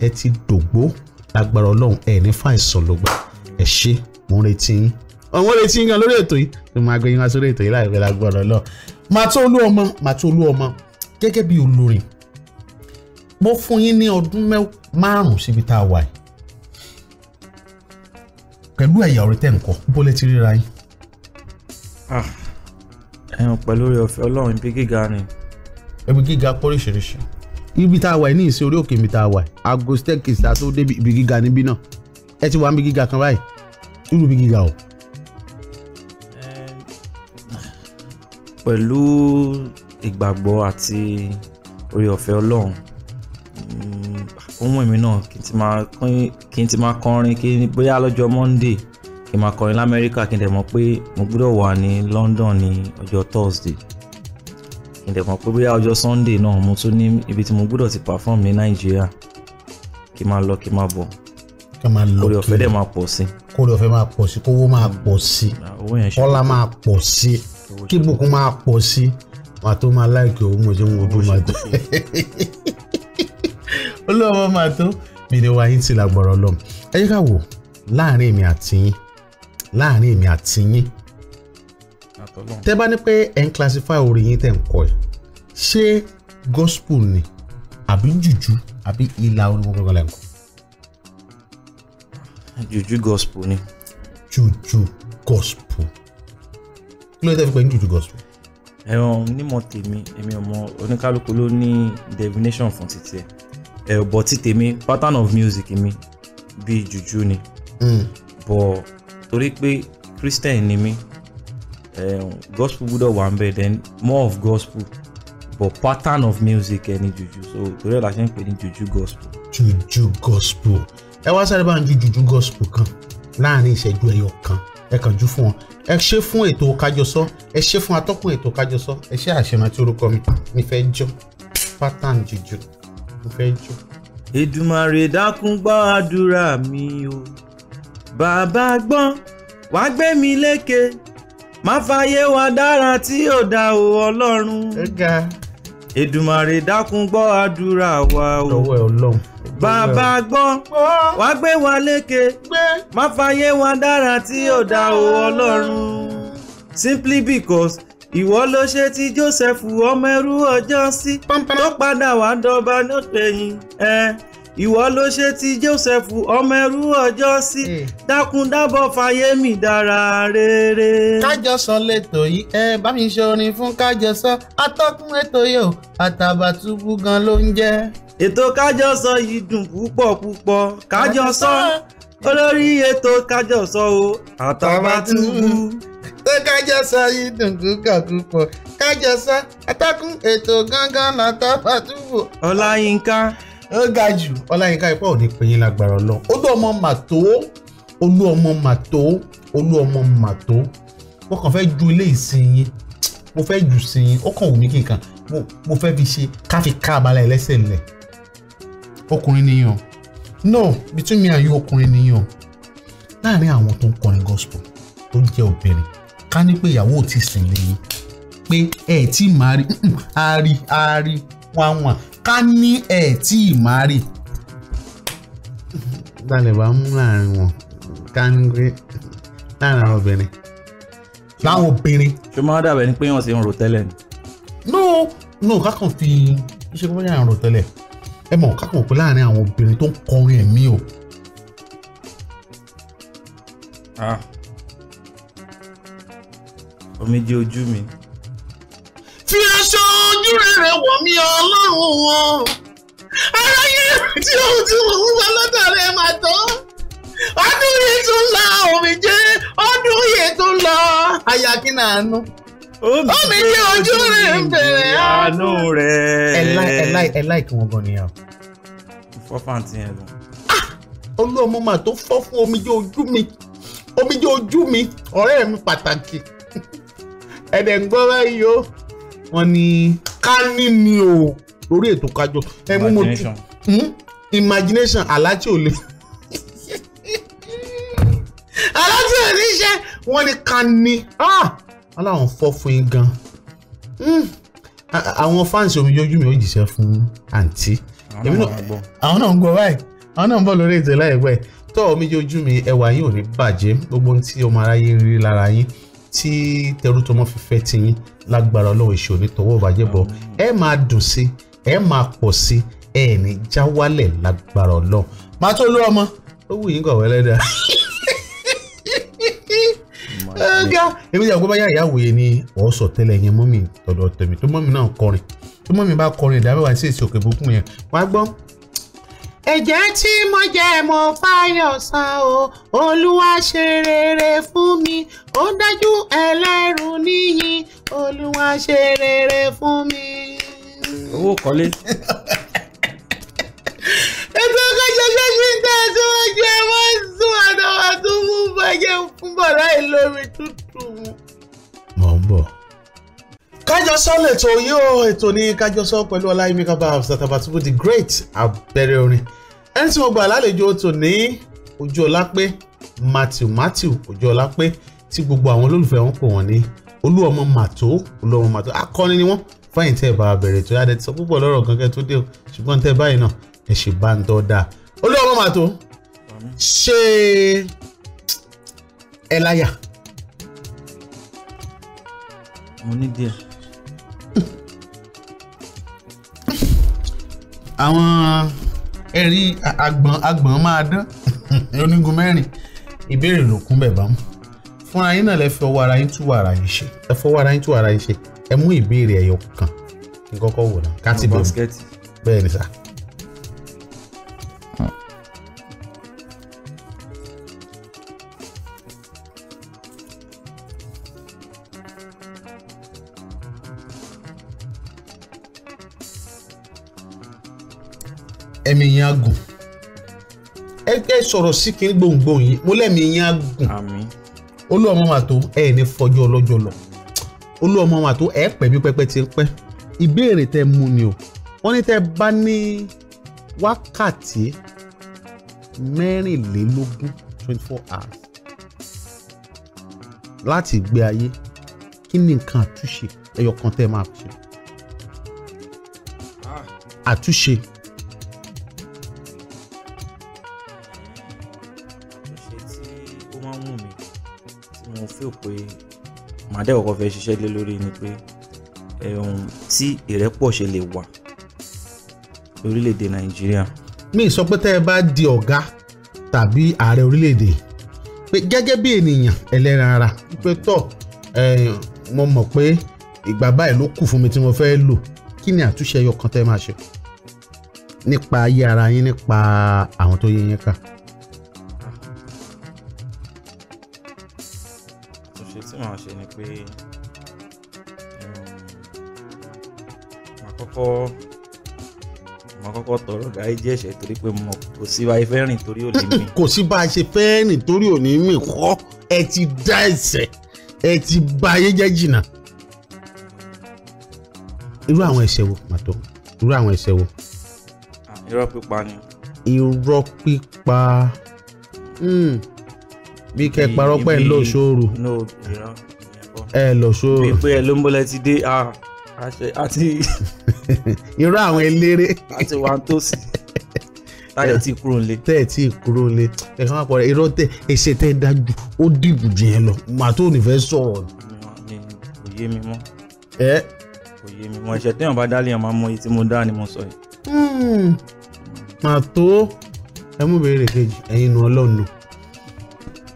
Speaker 1: ẹ ti dògbó lágbára ọlọ́hùn ẹ ní fàìsàn lọ́gbà ẹ ṣé mo ń retí yín ọ̀hún retí yín gan lórí ètò yìí tó máa gbé yín wá sórí ètò yìí láìpẹ́ lágbára ọlọ́hùn Màtóolú ọmọ Màtóolú ọmọ gẹ́gẹ́ bí olórin mo fún yín ní ọdún márùn-ún síbi tá a wà yìí pẹ̀lú ẹ̀yà orí tẹ̀ ń kọ́ bó lè ti ríra yín. Ah, ẹ̀hún pẹ̀lú rẹ̀ ọ̀fẹ́ ọlọ́run ibi gíga ni. ibi gíga póríṣiríṣi. ibi tá a wà ní ìsìn orí òkè ibi tá a wà aago staircase tá a tó débi ibi gíga níbí náà ẹ ti wà níbi gíga kan báyìí irú ibi gíga o.
Speaker 2: pẹ̀lú ìgbàgbọ́ àti orí ọ̀fẹ́ ọlọ́run mm, ó wù mí náà kí n ti máa pín kí n ti máa kọrin kí n bóyá lọ́jọ́ Monday kí n máa kọrin l'Amẹ́ríkà kí n dẹ̀ mọ̀ pé mo gbọ́dọ̀ wà ní London ní ọjọ́ Thursday kí n dẹ̀ mọ̀ pé bóyá ọjọ́ Sunday náà mo tún ní ibi tí mo gbọ́dọ̀ ti perform ní Nàìjíríà kí n máa lọ kí
Speaker 1: n máa bọ̀ kí n máa lọ kí kórè ọ̀fẹ́ dẹ̀ máa pọ̀ sí. kórè ọ̀fẹ́ máa pọ̀ sí kówó máa pọ̀ sí ah, kọ́lá máa pọ̀ sí kíbùkún máa pọ̀ sí màá tó máa láìkè owó mo ṣe ń wojú màá tó. olóòmọ máa tó mèrèwá yín ti làgbọ̀rọ̀ lọ ẹ jẹ́ ká wò láàrin èmi àti yín láàrin èmi àti yín tẹ́ bá ní pé ẹ ń classify orin yín tẹ́ ń kọ ẹ̀ ṣé gospel ni àbí jùjú àbí ìlà orin gbogbo lẹ́ kọ.
Speaker 2: jùjú gospel ni.
Speaker 1: jùjú gospel kí ló dé fi pé ní jùjú gospel ẹ̀rọ onímọ̀
Speaker 2: tèmi èmi ọmọ oníkálukú ló ní definition fún títí ẹ̀ ẹ bọ̀ tí tèmi pattern of music mi bíi juju ni hmm. bọ̀ torí pé Christian ni mí um, gospel gbúdọ̀ wà ń then more of gospel but pattern of music ẹ ní jùjú so torí ẹ̀ la ṣe ń pè ní jùjú gospel.
Speaker 1: Juju gospel ẹ wá sáré bá ń ju jùjú gospel kan láàrin ìṣẹ́jú ẹyọ kan ẹ kàn jú fún wọn ẹ ṣe fún ètò kájọsọ ẹ ṣe fún atọ́kùn ètò kájọsọ ẹ ṣe àṣemọ tí orúkọ mi nífẹ̀ẹ́ jọ pattern juju
Speaker 2: mo Èdùmàrè dákun gbọ́ àdúrà mi o bàbá gbọ́n wá gbé mi lékè má fàyè wa dára tí ò dá o ọlọ́run Èdùmàrè dákun gbọ́ àdúrà wa o. bàbá gbọ́ wá gbé wa lékè má fàyè wa dára tí ò dá o ọlọ́run simply because ìwọ ló ṣe ti Joseph ọmọ ẹrú ọjọ́ sí tó padà wá dọba lọ́pẹ̀yìn ìwọ ló ṣe ti
Speaker 1: Joseph ọmọ ẹrú ọjọ́ sí hmm. dákúndábọ̀ fáyémi dára rere. kájọsọ lẹ́tọ̀ yìí ẹ bá mi ṣe orin fún kájọsọ atọ́kùn ètò yìí o àtàbàtúbú gan ló ń jẹ́. ètò kájọsọ yìí dùn púpọ̀ púpọ̀ kájọsọ olórí ètò kájọsọ o àtàbàtúbú tó kájọ sọ yìí dùn púpọ̀ púpọ̀ kájọ sọ atọ́kùn ètò gángan lọ́tọ́ fàtúwò. ọláyínká. ó ga jù ọláyínká ipá ò ní pè yín lágbára Ọlọ́run ó dún ọmọ màtó olú ọmọ màtó olú ọmọ màtó wọ́n kàn fẹ́ ju ilé ìsìn mo fẹ́ jù sí ó kàn wù mí kíkan mo fẹ́ fi ṣe ká fi ká abala ọkùnrin nìyàn no between me and you ọkùnrin nìyàn láàrin àwọn tó ń kọrin gospel tó jẹ́ obìnrin ká ní pé ìyàwó ti sìn lèyí pé ẹ tí màá rí ari ari wọn wọn ká ní ẹ tí màá rí. gbalẹ̀ bá mú láàrin wọn ká ní pé láàrin àwọn obìnrin. láwọn obìnrin. ṣé máa dàbẹ̀ ni pé wọ́n ti ń rò tẹ́lẹ̀ ni. no no kákan fi ṣe kó yàrá rò tẹ́lẹ̀ ẹ mọ̀ kákan pé láàrin àwọn obìnrin tó ń kọrin ẹ̀mí o.
Speaker 2: ah omijé ojú mi.
Speaker 1: fi aṣọ ojú rere wọ̀ mí ọlọ́run wọn aráyé tí ohun tí mo ń wá lọ́dọ̀ rẹ̀ máa tán ọdún yìí tún lọ omijé ọdún yìí tún lọ àyà kí n àánú omijé ojú rẹ̀ ń bẹ̀rẹ̀ àánú rẹ̀. ẹ láìkí wọn gan nìyà.
Speaker 2: fọ́fàǹtì yẹn lọ. Ah!
Speaker 1: olú ọmọ màá tó fọ́ fún omijé ojú mi omijé ojú mi ọ̀rẹ́ mi pàtàkì ẹ̀dẹ̀ ń gbọ́ báyìí o wọ́n ni kání ni o lórí ètò kájọ ẹ mú mo tu imagination hmm? aláàtì ò lè aláàtì ò ní ṣe wọ́n ní kání aláwọn ah! fọ́ fún yín gan hmm. àwọn fáǹsì omi yójú mi ò jìṣẹ́ fún àǹtí àwọn náà ń gbọ́ báyìí àwọn náà ń bọ̀ lórí ètò láìpẹ́ tọ́ omi yójú mi ẹwà yín ò ní bàjẹ́ gbogbo ohun tí ọmọ aráyé ń rí lára yín tí tẹrútọmọ fi fẹ́ ti yín lágbára ọlọ́wọ́ ìṣe onítọ̀wọ́ ìbàjẹ́bọ̀ ẹ máa dùn sí ẹ máa pọ̀ sí ẹ ní jáwálẹ̀ lágbára ọlọ́wọ́ máa tó lú ọmọ ó wù yín kọ̀wé lẹ́dà ga èmi yàgò báyà ìyàwó yẹn ni ọ̀sọ̀ tẹ́lẹ̀ yẹn mọ́mì tọ̀dọ̀ tẹ̀mí tó mọ́mì náà kọrin tó mọ́mì bá kọrin ìdámẹ́wàá sí èsì òkè bókun yẹn wọ́n á ẹ̀jẹ̀ tí mo jẹ mọ́ Fáyọ̀sán o Olúwa ṣe rere fún mi ó dájú ẹlẹ́rù níyìn Olúwa ṣe rere fún mi. owó kọ́lé. ètò ọkọ̀jọ́jọ́ ṣì ń tẹ̀ tí wọ́n jẹ sún àdáwà tó mú bàjẹ́ fún bọ̀dá ìlórí tútù. mọ̀ ń bọ̀ kájọsọ lẹtọ yóò ètò ní kájọsọ pẹ̀lú ọláyímí kábà ṣàtàbàtúbù the great abẹrẹ orin ẹni tí mo gbà lálejò tòní Ojúọlápé Matthew Matthew Ojúọlápé tí gbogbo àwọn olólùfẹ́ wọn pè wọ́n ní olúọmọ màtó olúọmọ màtó akọni ni wọ́n fẹ́yìn tẹ́ ẹ bá bẹ̀rẹ̀ tó yára sọ púpọ̀ lọ́rọ̀ kankan tó dé o ṣùgbọ́n tẹ́ báyìí náà ẹ ṣe bá ń tọ́ da olúọmọ màtó ṣé ẹ láyà. mo ní díẹ̀. àwọn ẹ̀rí àgbọ̀n àgbọ̀n máa dán onígun mẹ́rin ìbéèrè ló kún bẹ̀ bá mu fúnra yín náà lẹ fi ọwọ́ ara yín tú ara yín ṣe ẹ fọwọ́ ara yín tú ara yín ṣe ẹ mú ìbéèrè ẹ̀yọ kan kí n kọ́kọ́ wò náà ká ti bẹ̀rù ni sà. sọ̀rọ̀ sí kí n gbòǹgbòǹ yìí mo lẹ́mí yín á gùn olú ọmọ wa tó ẹ ní fọjọ́ ọlọ́jọ́ lọ olú ọmọ wa tó ẹ pẹ́ bí pẹ́pẹ́ ti ń pẹ́ ìbéèrè tẹ mú ni o wọ́n ní tẹ bá ní wákàtí mẹ́rìnlélógún twenty four hours láti gbé ayé kí ni nǹkan àtúnṣe ẹyọ tẹ máa ṣe ah. àtúnṣe
Speaker 2: rò pé màá dẹ́ kọ́kọ́ fẹ́ ṣiṣẹ́ lé lórí ni pé tí ìrẹ́pọ̀ ṣe lè wà lórílẹ̀‐èdè nàìjíríà.
Speaker 1: mi sọ pé tẹ́ ẹ bá di ọ̀gá tàbí ààrẹ orílẹ̀‐èdè pé gẹ́gẹ́ bí ènìyàn ẹlẹ́ran ara pé tọ̀ mo mọ̀ pé ìgbà báyìí ló kù fún mi tí mo fẹ́ lò kí ni àtúnṣe ẹyọ kan tẹ́ máa ṣe nípa ayé ara yín nípa àwọn tó yẹ yín ká.
Speaker 2: tí màá ṣe ni pé màá kọ́kọ́ màá kọ́kọ́ tọrọ dáríjì ẹ̀ṣẹ̀ torí pé mo kò sí bá a fẹ́ rìn torí ò ní mì.
Speaker 1: kò sí bá a ṣe fẹ́ rìn torí ò ní mì kọ́ ẹ ti dá ẹ̀ṣẹ̀ ẹ ti bà ayé jẹ́ jìnnà. irú àwọn ẹ̀ṣẹ̀ wo màtó irú àwọn ẹ̀ṣẹ̀ wo.
Speaker 2: irọ́ pípa ni.
Speaker 1: irọ́ pípa. Hmm bí kẹ́ parọ́ pẹ́ ń lò ṣòro ẹ lọ ṣòro. pípẹ́
Speaker 2: ẹ ló ń bọ́lẹ̀ ah, ti dé àti.
Speaker 1: irú àwọn eléré. àti wà tó sí táyọ̀ tí kúrò nílé. tẹ́ tí kúrò nílé ẹ̀ka máa pọ̀ irọ́ tẹ ẹ̀ṣẹ̀ tẹ́ dájú ó dìbò jù yẹn lọ màá tó nífẹ̀ẹ́ sọ̀rọ̀.
Speaker 2: kò yé mi mọ́. ẹ. kò yé mi mọ́ ẹ̀ṣẹ̀ téèyàn bá dálé yẹn máa mọ èyí tí mo dá ni mo sọ yìí.
Speaker 1: Hmm.
Speaker 2: màá tó ẹ bèrè
Speaker 1: kejì ẹ̀yin nu ọlọ́run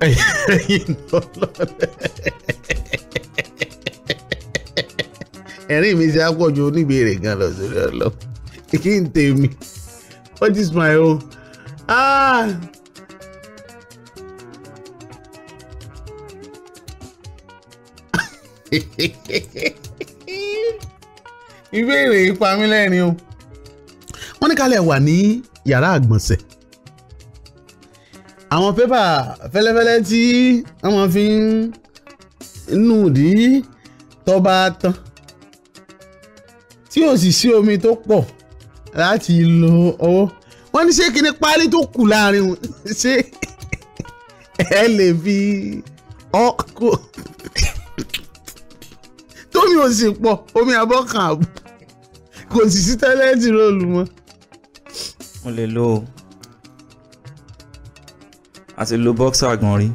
Speaker 1: ẹ̀rín mi ṣe àpọ̀jù oníbèrè gan lọ sórí ọlọ kí n tèmi what is my own. Ah. ìbéèrè ìpamílẹ́rin o wọ́n ní kálẹ̀ wà ní yàrá àgbọ̀nsẹ̀ àwọn pépà fẹ́lẹ́fẹ́lẹ́ tí wọ́n fi ń nù dí tó tán tí ò sì sí omi tó pọ̀ láti lo ọwọ́ wọ́n ní ṣé kíní páálí tó kù láàrin wọn ṣé ẹ lè fi ọkọ̀ tómi ò sì pọ̀ omi àbọ̀ kan àbọ̀ kò sì sí tẹ́lẹ̀tì róòlù mọ́.
Speaker 2: mo lè lo a lo boxer gan rí.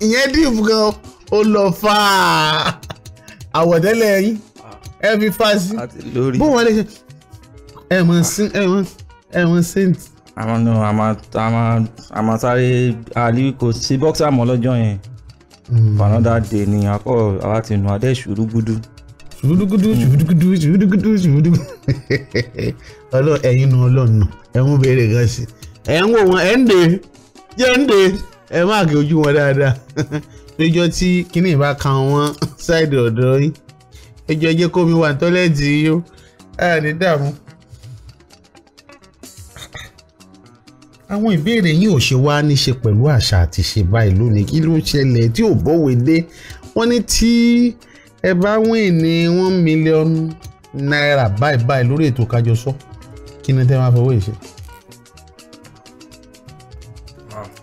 Speaker 1: ìyẹn dìbò gan ó lọ fà á àwọ̀dẹ́lẹ̀ yín ẹ fi fà sí bó wọn lè ṣe ẹ mọ̀ sí ẹ mọ̀ ẹ mọ̀ saint. àmọ́ nù
Speaker 2: àmọ́ àmọ́ àmọ́ sáré àlíkò sí boxer mọ́ lọ́jọ́ yẹn hmm. fanada de ni akọ láti nu adé ṣùrùgùdù.
Speaker 1: ṣùrùgùdù ṣùrùgùdù ṣùrùgùdù ṣùrùgùdù ọlọ ẹyin nu Ọlọ́run nù ẹ ń béèrè gan ẹ ń wò wọn ẹ ń dè jẹ́ǹde ẹ má kí ojú wọn dáadáa lọ́jọ́ tí kinní ìbá kan wọ́n ṣáìdì ọ̀dọ́ yín ẹjọ́ ẹjẹ́ kó mi wà ní tọ́lẹ́ẹ̀tì yìí ó ẹ̀ ní dààmú. àwọn ìbéèrè yín ò ṣe wá ní ṣe pẹ̀lú àṣà àti ṣe báyìí lónìí kí ló ṣẹlẹ̀ tí ò bọ̀wé dé wọ́n ní tí ẹ bá wìn ní one million naira báyìí báyìí lórí ètò kájọsọ kí ni tẹ́ máa fọwọ́ yìí ṣe.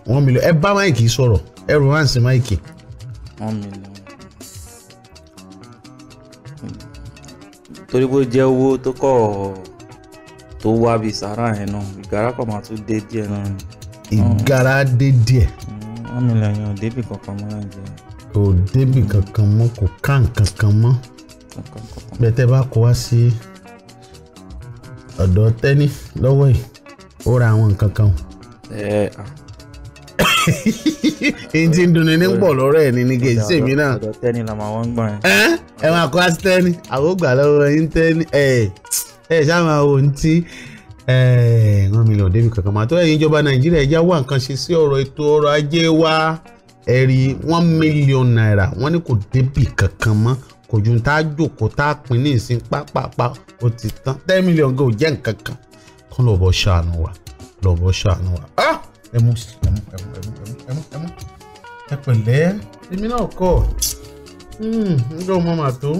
Speaker 1: one million ẹ bá máìkì sọ̀rọ̀ ẹ romance máìkì. one million.
Speaker 2: torí bó jẹ́ owó tó kọ̀ tó wá bíi sàárà yẹn náà ìgárá kan máa tún dé díẹ̀ náà.
Speaker 1: ìgárá
Speaker 2: dé díẹ̀. Mm, one million yẹn ò débì kankan mọ́ nàìjíríà.
Speaker 1: ò débì kankan mọ́ kò ká nǹkan kan mọ́ bẹ́tẹ̀ bá kó wá sí ọ̀dọ̀ tẹ́ni lọ́wọ́ yìí ó ra àwọn nǹkan kan. ẹ ẹ èyí tí ń dunni ní pọ̀ lọ́rọ̀ ẹ̀ ní ní kejì sèmi náà. ọ̀dọ̀ tẹ́ni làwọn àwọn ń gbọ́n ẹ̀. ẹ ẹ máa kọ́ asítẹ́ni àwògbà lọ́wọ́ yín tẹ́ni ẹ ẹ ṣáà wò ń tí wọ́n mi lọ débi kankan máa tó ẹ̀yin ìjọba nàìjíríà ẹ̀já wà nǹkan ṣe sí ọ̀rọ̀ ètò ọrọ̀ ajé wa ẹ̀rí one million naira wọ́n ní kò débi kankan mọ́ kò ju tá a jòkó tá a pín ní ìsìn pápápá ó ti tán ten million go jẹ́ nǹkan kan kọ́ lọ́bọ̀ ṣàánú Ah! ẹ mú ẹ mú ẹ mú ẹ mú ẹ mú ẹ mú ẹ pẹ̀lẹ́ èmi náà kọ̀ nígbà ọmọ mà tó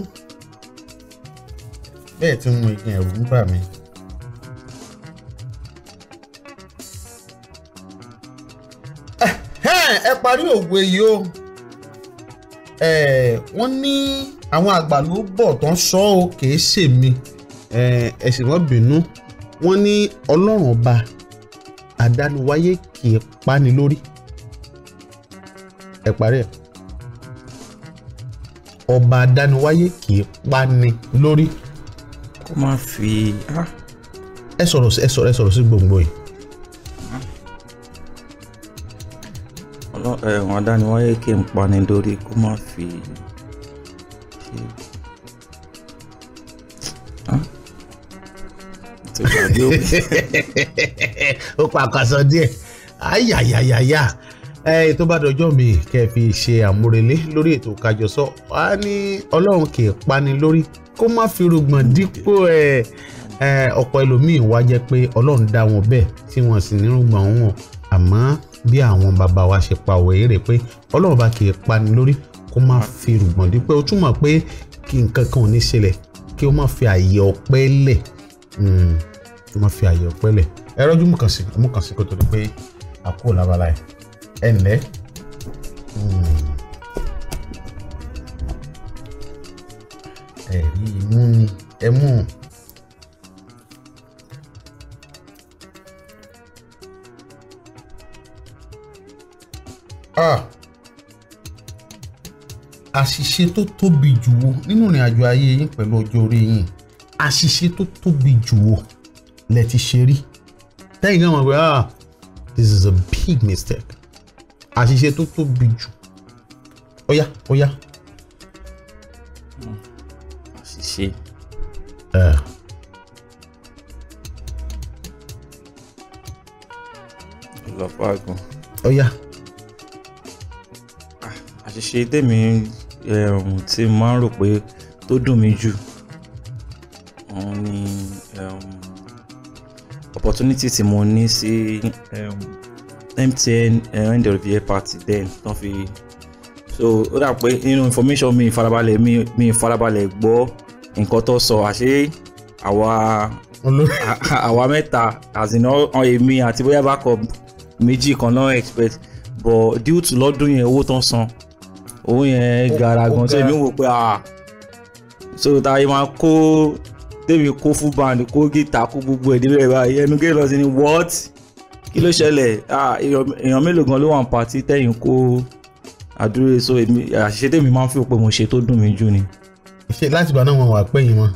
Speaker 1: bẹ́ẹ̀ tí mo ìgbìn ẹ̀rù ń bà mí. ẹ parí òwe yìí o wọ́n ní àwọn àgbà ló bọ̀ tán sọ ọ́ kìí ṣe mi ẹ̀sìn wọn bínú wọ́n ní ọlọ́run ọba àdániwáyé kì í pani lórí ẹ parí ẹ ọba adániwáyé kì í pani lórí. kó má fi. ẹ sọ̀rọ̀ sí ẹ sọ̀rọ̀ ẹ sọ̀rọ̀ sí gbòǹgbò yìí.
Speaker 2: ẹ̀wọ̀n adániwáyé kì í pani lórí kó má fi.
Speaker 1: ó pa àkàsọ díẹ̀ ayayayaya ẹ tó bá dọjọ́ mi kẹ́ ẹ fi ṣe àmúrelé lórí ètò Kájọsọ wá ní ọlọ́run kì í pani lórí kó má fi rúgbọ̀n dípò ẹ ọ̀pọ̀ ẹlòmíì wá jẹ́ pé ọlọ́run dá wọn bẹ́ẹ̀ tí wọ́n sì ní rúgbọ̀n wọn àmọ́ bí àwọn bàbá wa ṣe pa òwe rè pé ọlọ́run bá kì í pani lórí kó má fi rúgbọ̀n dípò ó túmọ̀ pé kí nǹkan kan ò ní ṣẹlẹ̀ kí ó má fi àyè ọpẹ́ lẹ̀ hmm, kí ó má fi àyè ọpẹ́ mú kàn sí mú kàn sí kó tó di pé àkó lábala ẹ̀ ẹ ǹlẹ́ hmm. ẹ̀rí imú ni ẹ mú un. àṣìṣe tó tóbi jù wo nínú ìrìn àjò ayé yín pẹ̀lú ọjọ́ orí yín àṣìṣe tó tóbi jù wo lẹ ti ṣe rí tẹ́yìn náà mọ̀ pé this is a big mistake àṣìṣe tó tóbi jù ọ̀yá ọ̀yá. àṣìṣe.
Speaker 2: ìlọ́pàá àgùn. ọ̀yá. Ah, àṣìṣe tèmi tí máa ń rò pé tó dùn mí jù òun ni opportunity tí mo ní sí MTN um, end eh, of the year party then tán fi so ó dà pé nínú information mi ìfarabalẹ̀ mi mi ìfarabalẹ̀ gbọ́ nǹkan tó sọ àṣé àwa àwa mẹ́ta àzìnà èmi àti bóyá backup méjì kan náà expect but due to lọ́dún yẹn owó tán san owó yẹn gara gan so èmi wò pé ah so ta yìí máa kó tèmi kó full band kó gítà kó gbogbo ẹ̀ débẹ̀ báyìí ẹnu gé lọ sí ni what kí ló ṣẹlẹ̀ ah, èèyàn mélòó gan ló wà ń patí tẹ̀yìn kó àdúró èso èmi
Speaker 1: àṣìṣe tèmi máa ń fi òpè mo ṣe tó dùn mí jù ni. ṣe láti ìgbà náà wọn ah, wà pẹ́yìn mọ́.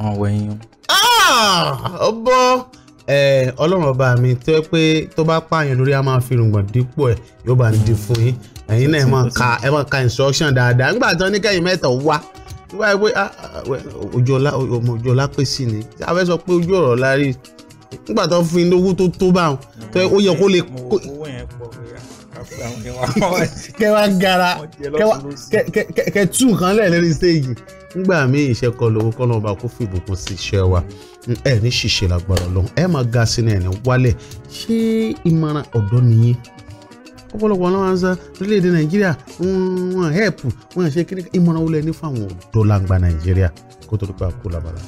Speaker 1: wọn wẹ̀yìn. Ah, ó bọ́ ọlọ́run ọba mi tó yẹ pé tó bá pààyàn lórí a máa fi rùngbọ̀n dípò ẹ̀ yóò bá ń di fún yín ẹ̀yin náà ẹ máa ka instruction dáadáa nígbà tó ní kẹ́yìn mẹ́ta wá wáyé pé ah, ah, ojú ọlá ọmọ ojú ọlá pè sí ni a fẹ́ sọ pé ojú ọ̀rọ̀ la rí nígbà tó fi lówó tó tó bá wọn tó ó yẹ kó lè. owó
Speaker 2: yẹn pọ̀ ah,
Speaker 1: kẹ wá gara kẹ tú nǹkan lẹ̀ lórí stéèjì nígbà míì iṣẹ́ kan lówó kọ́ náà bá kó fìbùkún sí iṣẹ́ wa ẹ ní ṣìṣe lágbára Ọlọ́run ẹ máa ga sí ni ẹ ní wálẹ̀ ṣé ìmọ̀ràn ọ̀dọ́ nìyí ọ̀pọ̀lọpọ̀ náà ń san orílẹ̀-èdè nàìjíríà wọ́n help wọ́n ṣe kíni ìmọ̀ràn wọlé ní fáwọn ọ̀dọ́ làǹgbà nàìjíríà kó tó dúpẹ́ àkókò labala.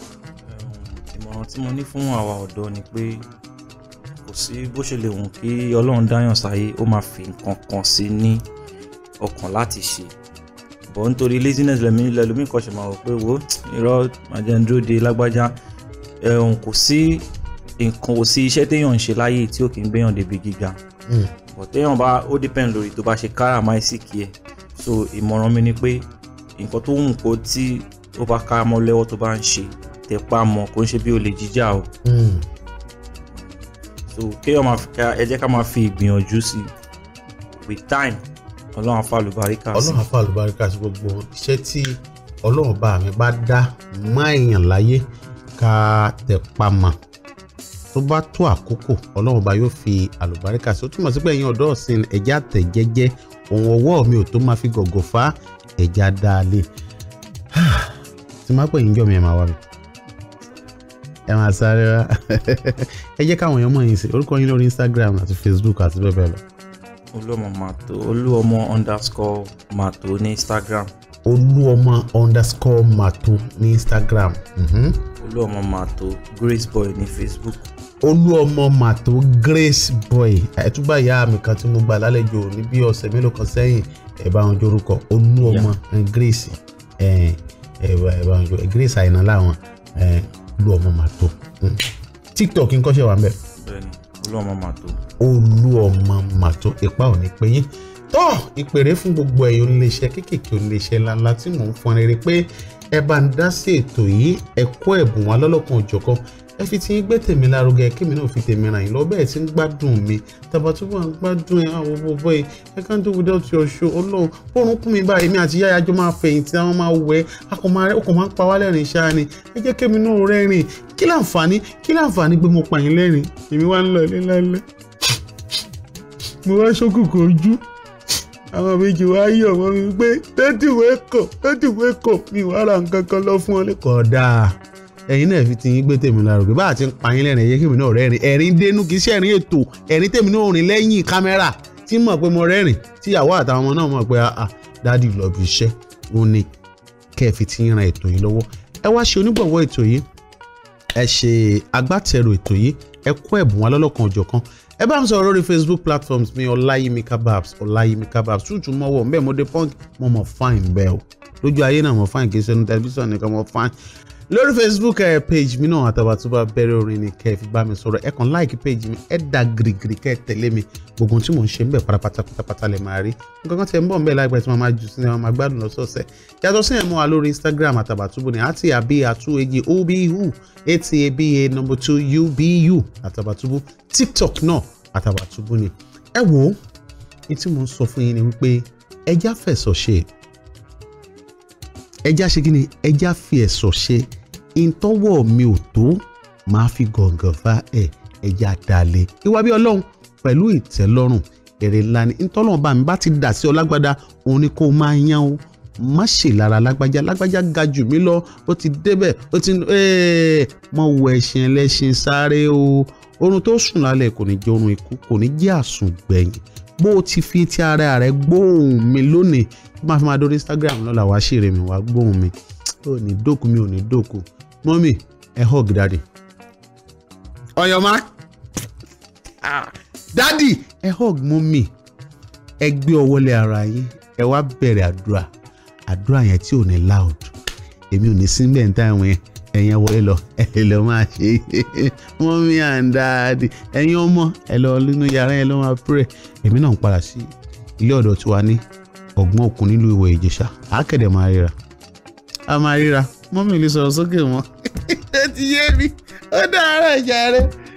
Speaker 2: ìmọ̀ràn tí mo ní fún àwa ọ̀dọ́ ni pé kò sí bó ṣe lè wù kí ọlọ́run dáyàn sáyé ó máa fi nǹkan kan sí ní ọkàn láti ṣe bọ̀ nítorí laziness lẹ́lómi kan ṣe máa wọ̀ pé wo irọ́ màjẹ́ndúró de lágbájá kò sí nǹkan kò sí iṣẹ́ téèyàn ń ṣe láyé tí ó kì í gbéyàn débi gíga hmm but téèyàn bá ó depend lórí tó bá ṣe káràmáìsìkì ẹ̀ so ìmọ̀ràn mi ni pé nǹkan tó wù kó tí ó bá ká mọ́ lẹ́wọ́ tó bá ń ṣe tẹpá mọ́ kó ń ṣe bí olè jíjà o hmm. so kéèyàn máa ẹ
Speaker 1: jẹ́ ká máa fi ìgbìyànjú sí with time ọlọ́run afa àlùbáríkà sí. ọlọ́run afa àlùbáríkà sí gbogbo iṣẹ́ tí ọlọ́run bá mi bá dá máa èèyàn láyé ká tẹpá mọ́ tó bá tó àkókò ọlọ́run bá yóò fi àlùbáríkà sí ó túmọ̀ sí pé ẹ̀yin ọ̀dọ́ ọ̀sìn ẹ̀já tẹ̀ jẹ́jẹ́ òun ọwọ́ mi ò tó máa fi gọ̀gọ̀ fá ẹ̀já dáalé tí máa pè yín jọ mi ẹ̀ máa wá mi ẹ máa sáré wá ẹ jẹ́ káwọn èèyàn mọ̀ yín sí orúkọ yín lórí Instagram àti Facebook àti bẹ́ẹ̀ bẹ́ẹ̀ lọ.
Speaker 2: olúọmọ màtó olúọmọ underscore màtó ní Instagram.
Speaker 1: olúọmọ underscore màtó ní Instagram. Mhm.
Speaker 2: olúọmọ màtó graceboy ní Facebook
Speaker 1: olú ọmọ màtó Grace Boy ẹtúgbà ìyá mi kan tí mo gbà lálejò ní bí ọ̀sẹ̀ mélòó kan sẹ́yìn ẹ̀ wọn jorúkọ olú Grace ẹ̀ ẹ̀ bá wọn jorúkọ Grace àyìnà láwọn ẹ̀ olú ọmọ hmm. TikTok ń kọ́ṣẹ́ wa ń bẹ̀. bẹ́ẹ̀ni olú ọmọ màtó. olú ọmọ màtó ipa ò ní pẹ́yìn tọ́ ìpèrè fún gbogbo ẹ̀yọ́ iléeṣẹ́ kéékèèké iléeṣẹ́ ńláńlá tí mò ń fọn rere pé ẹ bá ń dá sí ètò yìí ẹ kó ẹ̀bùn wa lọ́lọ́kan òjọ̀kan ẹ fi ti gbé tèmi lárugẹ kémi náà fi tèmi ràn yín lọ bẹ́ẹ̀ tí ń gbádùn mi Tàbátúbú à ń gbádùn ẹ àwọn bọ̀bọ̀ ẹ ẹ kàn do without your show ọlọ́run bọ́ọ̀rùn kún mi báyìí mi àti yáyà jọ máa fẹ̀yìntì àwọn máa wẹ̀ ẹ́ ọkàn máa ń pa wá lẹ́rìn ṣáá ni ẹ jẹ́ kémi náà rẹ́rìn kí láǹfààní kí láǹfààní pé mo pààyàn lẹ́rìn èmi wá ń lọ ilé lálẹ́ mo wá ṣókùnkùn ojú àwọn méjì wá yí ọmọ mi pé tẹ́tìwé kò tẹ́tìwé kò mi wàá ra nǹkan kan lọ fún ọ lẹ́kọ̀ọ́ dáa ẹ̀yin náà fi ti yín gbé tèmi lárugẹ bá a ti ń pa yín lẹ́rìn ẹ̀yẹ kí èmi náà rẹ́rìn ẹ̀rín dénú kì í ṣe ẹ̀rín ètò ẹ̀rín tèmi náà rìn lẹ́yìn kámẹ́rà tí mọ̀ pé mo rẹ́rìn tí ìyàwó àtàwọn ọmọ náà mọ̀ pé ah, ah dádì lọ bí iṣẹ́ ó ní kẹ́ ẹ fi ti ran ètò yìí lọ́wọ́ ẹ wá ṣe onígbọ̀wọ́ ètò yìí ẹ ṣe agbátẹrù ètò yìí ẹ kó ẹ̀bùn wa lọ́lọ́kan òjọ̀kan ẹ bá mi sọ lórí facebook platforms mi ọláyími kababs ọláyími kababs tútù mọ́wọ́ mbẹ́ mo dé punk mo mọ̀ fine bẹ́ẹ̀ o lójú ayé náà mo fine kì í ṣe ní tẹlifíṣàn nìkan mo fine lórí facebook ẹ eh, page mi náà àtàbàtúbà bẹ̀rẹ̀ orin ni kẹ́ ẹ fi bá mi sọ̀rọ̀ ẹ kàn like page mi ẹ dà gírígírí kẹ́ ẹ tẹ̀lé mi gbogbo tí mò ń ṣe ń bẹ̀ parapata pátápátá lè máa rí nǹkan tí ẹ ń bọ̀ ń bẹ̀ láìpẹ́ tí wọ́n máa jù sí ni wọ́n máa gbádùn lọ́sọ̀ọ̀sẹ̀ yàtọ̀ sí ẹ̀ mọ́ wa lórí instagram àtàbàtúbù ni àti àbí àtú èjì obu ataba number two ubu àtàbàtúbù tiktok náà àtàbàtúbù ni ẹ wo ní tí mò ń sọ fún yín ni wípé ẹjá fẹ̀sọ̀ ṣe ẹjá ṣe kí ni ẹjá fi ẹ̀sọ̀ ṣe ìtọ́wọ́ mi ò tó máa fi gàngàn fa ẹ̀ ẹ̀yà dalẹ̀ ìwà bí ọlọ́run pẹ̀lú ìtẹ́lọ́rùn èrè ńlá ni ntọ́lọ́run bá mi bá ti dà sí ọ lágbádá òun ni kó o máa yan o má ṣe lára lágbájá lágbájá ga jù mí lọ ó ti débẹ̀ ó ti mọ wọ ẹ̀sìn ẹlẹ́sìn sáré o orun tó sùn lálẹ́ kò ní jẹ́ orun ikú kò ní jẹ́ àsùn gbẹ̀yìn bó o ti fi ti ara rẹ gbóhùn mi lónìí tó máa fi máa dórí Instagram lọ́la wá ṣèrè mi wá gbóhùn mi ò ní dòkú mi ò ní dòkú Mommy, a hug, Daddy. On your mark. Ah. Daddy, a hug, Mommy. Ẹ gbé ọwọ́ lé ara yín, ẹ wá bẹ̀rẹ̀ àdúrà. Àdúrà yẹn tí ò ní loud. Èmi ò ní síbẹ̀ ń táwọn yẹn. Ẹ̀yin wọlé lọ, ẹ lọ máa ṣe é. Mommy and Daddy. ọmọ, ẹ lọ nínú yàrá yẹn lọ máa pray. Èmi náà ń padà sí ilé ọ̀dọ̀ tiwa ní ọ̀gbọ́n òkun nílùú Ìwọ̀ Ìjẹ̀ṣà. Àákẹ́dẹ̀ máa ríra. A máa ríra. mọ́mí ò lè sọ̀rọ̀ sókè mọ́ ẹ ti yé mi ó dára ìjà rẹ.